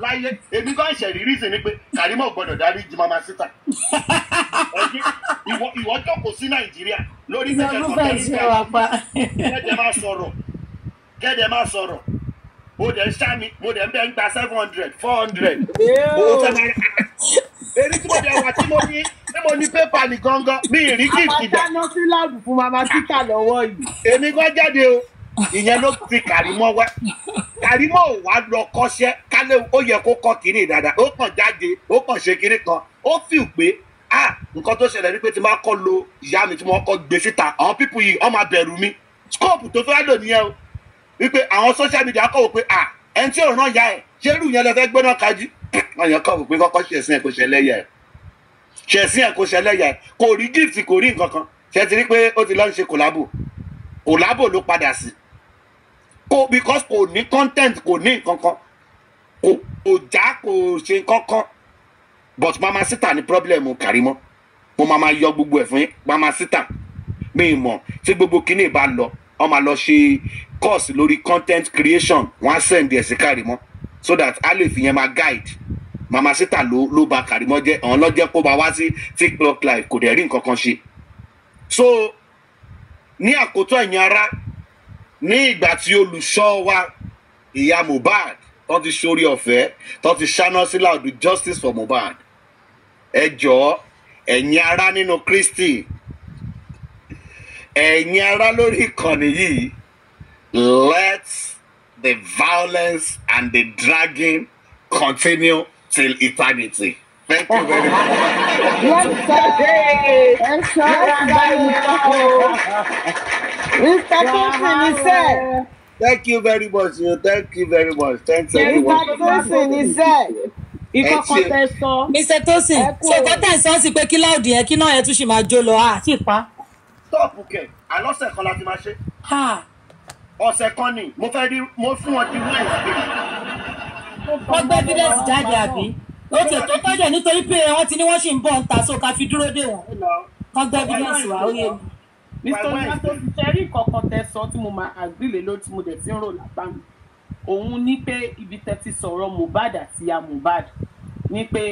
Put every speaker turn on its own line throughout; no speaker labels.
láyé èmi bá ṣe rí reason ni pé Karima gbọ́dọ̀ dárí jì mama síta ìwọ jókòó sí Nàìjíríà lórí kẹ̀kẹ́ tó kẹ̀kẹ́ kẹ̀kẹ́ máa sọ̀rọ̀ kẹ̀kẹ́ máa sọ̀rọ̀ mo dẹ̀ ń ṣá mi mo dẹ̀ ń bẹ̀ ń gba seven hundred four hundred owó tẹ́ máa èrí tí mo dẹ̀ wà tí mo ní tí mo ní pépà ní gángan mi ì rí gift ìgbà. àbájáná sí láàbù fún mama síta lọ́wọ́ yìí. èmi gan jáde o ìyẹn ló ti Karimo wá Karimo ò wá lọ kọ́ṣẹ́ kálẹ̀ ó yẹ kó kọ́ kínní dáadáa ó kàn jáde ó kàn ṣe kínní kan ó fìl pé ah nǹkan tó ṣẹlẹ̀ ni pé tí máa kọ́ lo ìyá mi tí wọ́n kọ́ gbé síta àwọn pípù yìí wọ́n máa mi scope tó fẹ́ lò nìyẹn o wípé àwọn social media kọ̀ wò pé ah ẹni tí ò ràn ya ẹ̀ ṣé irú yẹn lọ fẹ́ gbóná kájú wọ́n yẹn kọ̀ wò pé kọ́kọ́ ṣẹ̀sìn ẹ̀ kò ṣẹlẹ̀ yẹ ṣẹ̀sìn ẹ̀ kò ṣẹlẹ̀ yẹ kò rí gift kò ṣe ti kò because kò ní content kò ní nkankan kò kò já kò ṣe nkankan but mama sita ni problem Karimo mo máa ma yọ gbogbo ẹ̀ fún mama sita mi mọ̀ tí gbogbo kíní bá lọ wọ́n máa lọ ṣe course lórí content creation wọ́n á send ẹ̀ sí Karimo so that a lè fi yẹn máa guide mama sita ló ló ba Karimo jẹ àwọn lọ́jẹ́ kó ba wá sí tiktok live kò dẹ̀ rí nkankan ṣe so ní àkótó ẹ̀yin ara ní ìgbà tí olùṣọ́ wa ìyá Mohbad tó ti sórí ọ̀fẹ́ tó ti ṣáná sí láòdù justice for Mohbad ẹ jọ̀ọ́ ẹ̀yin ará nínú Kristi ẹ̀yin ará lórí ìkànnì yìí let the violence and the dragging continue till eternity. Thank you very much. Mr. Thompson said. Thank you very much. Thank you very much. Thanks everyone. Mr. Thompson said ikọ́ kan fẹ́ sọ. mr tosin ṣètò tẹ̀sán sí pé kí láòdì yẹn kí náà yẹn tún ṣì máa jó lọ á ah, sì pa. stọọpù kẹ àlọ́sẹ̀ kan la ti máa ṣe. ọ̀sẹ̀ kan ni mo fẹ́ rí mo fún wọn ti wíwẹ̀ sí i. wọ́n gbé fídẹ́sì jáde àbí ó tiẹ̀ tó tọ́jú nítorí pé wọ́n ti ní wọ́n sì ń bọ̀ ń ta so ká fi dúró dé wọn kán gbẹ́ bílíọ̀nù wa ó yẹ mi. mr nato ṣe rí kọ̀ọ̀kan tẹ sọ tí mo máa àgbìlè ló tí mo dẹ̀ ti ń rò lápá mi òun ní pé ibi tẹ ti sọ̀rọ̀ Mohbad àti ya Mohbad ní pé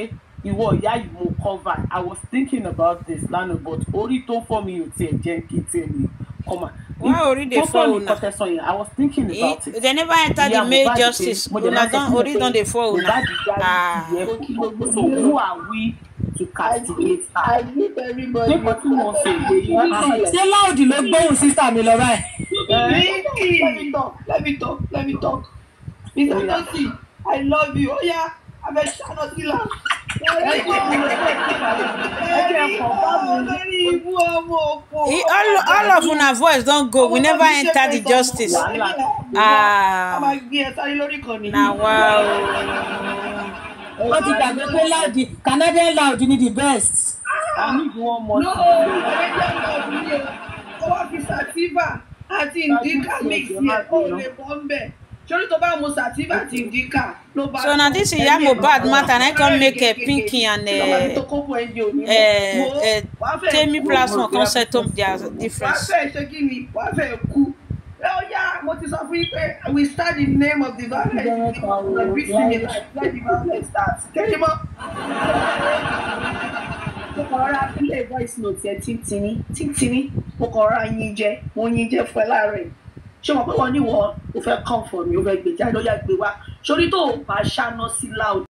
ìwọ ìyá yìí mo cover I was thinking about this lánàá but orí tó fọ́ mi ò tiẹ̀ jẹ́ kí tiẹ̀ mi kọ́ máa Why already they fall I was thinking about it. They never enter the main justice. We are already don dey fall Ah. So who are we to castigate I give everybody. Nípa tí wọ́n ṣe èyí. Ṣé láòdì Let me talk, let me talk, let me talk. Mr. Johnson, I love you. Oh yeah, Oya, abẹ́ ṣáná sílá. He, all, all of our voice don't go we never enter the justice ah Now wow. o. wọ́n ti gbàgbé pé láàdì Canadian loud ni the best. no Canadian loud ni o ó wá fi sativa àti indica mix yẹn kó lè bọ́ ń sori tó bá mu sativa ti di ká ló bá. so na this ìyá Mohbad matter na come make a pinky and eh, eh, eh, temi plasma come settle their difference. wàá fẹ́ ṣe kí ni wàá fẹ́ kú ó mo ti sọ fún yín we start the name of the violence the reason is like the violence start kéde mọ́. mo kàn rọra pílẹ̀ voice note ẹ̀ tíntìní tíntìní mo kàn rọra yín jẹ mo yín jẹ fún ẹ ṣé wọn pé wọn ní wọn ò fẹ́ kàn fọ mi ò fẹ́ gbèjà lọ́yà gbé wa sórí tó o bá ṣáná sí láòdì.